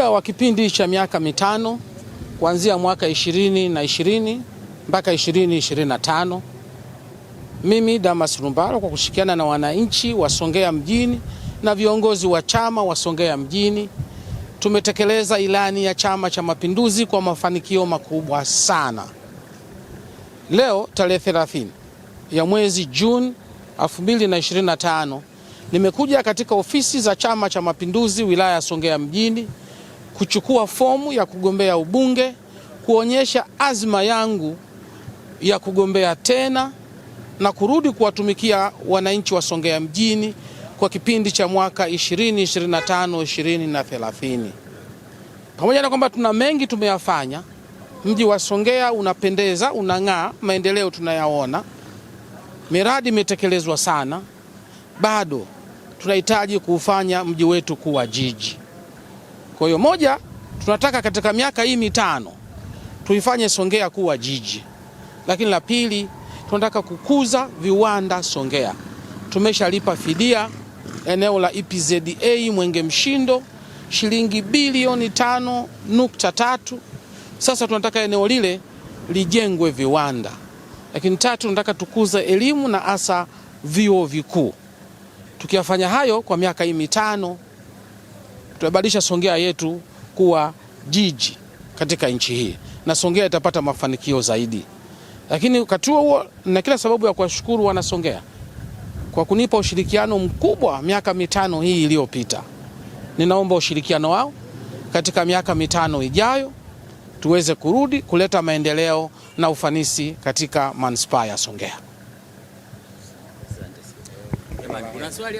muda wa kipindi cha miaka mitano kuanzia mwaka ishirini na ishirini mpaka ishirini ishirini na tano mimi Damas Ndumbaro kwa kushirikiana na wananchi wa Songea mjini na viongozi wa chama wa Songea mjini tumetekeleza ilani ya Chama cha Mapinduzi kwa mafanikio makubwa sana. Leo tarehe 30 ya mwezi Juni 2025 nimekuja katika ofisi za Chama cha Mapinduzi wilaya ya Songea mjini kuchukua fomu ya kugombea ubunge, kuonyesha azma yangu ya kugombea tena na kurudi kuwatumikia wananchi wa Songea mjini kwa kipindi cha mwaka 2025 2030. Pamoja na kwamba tuna mengi tumeyafanya, mji wa Songea unapendeza, unang'aa, maendeleo tunayaona, miradi imetekelezwa sana, bado tunahitaji kuufanya mji wetu kuwa jiji. Kwa hiyo moja, tunataka katika miaka hii mitano tuifanye Songea kuwa jiji, lakini la pili, tunataka kukuza viwanda Songea. Tumeshalipa fidia eneo la EPZA Mwenge Mshindo shilingi bilioni tano nukta tatu. Sasa tunataka eneo lile lijengwe viwanda, lakini tatu, tunataka tukuza elimu na hasa vyuo vikuu. Tukiyafanya hayo kwa miaka hii mitano tumebadilisha Songea yetu kuwa jiji katika nchi hii na Songea itapata mafanikio zaidi. Lakini wakati huo huo na kila sababu ya kuwashukuru wanasongea kwa kunipa ushirikiano mkubwa miaka mitano hii iliyopita. Ninaomba ushirikiano wao katika miaka mitano ijayo tuweze kurudi kuleta maendeleo na ufanisi katika manispaa ya Songea.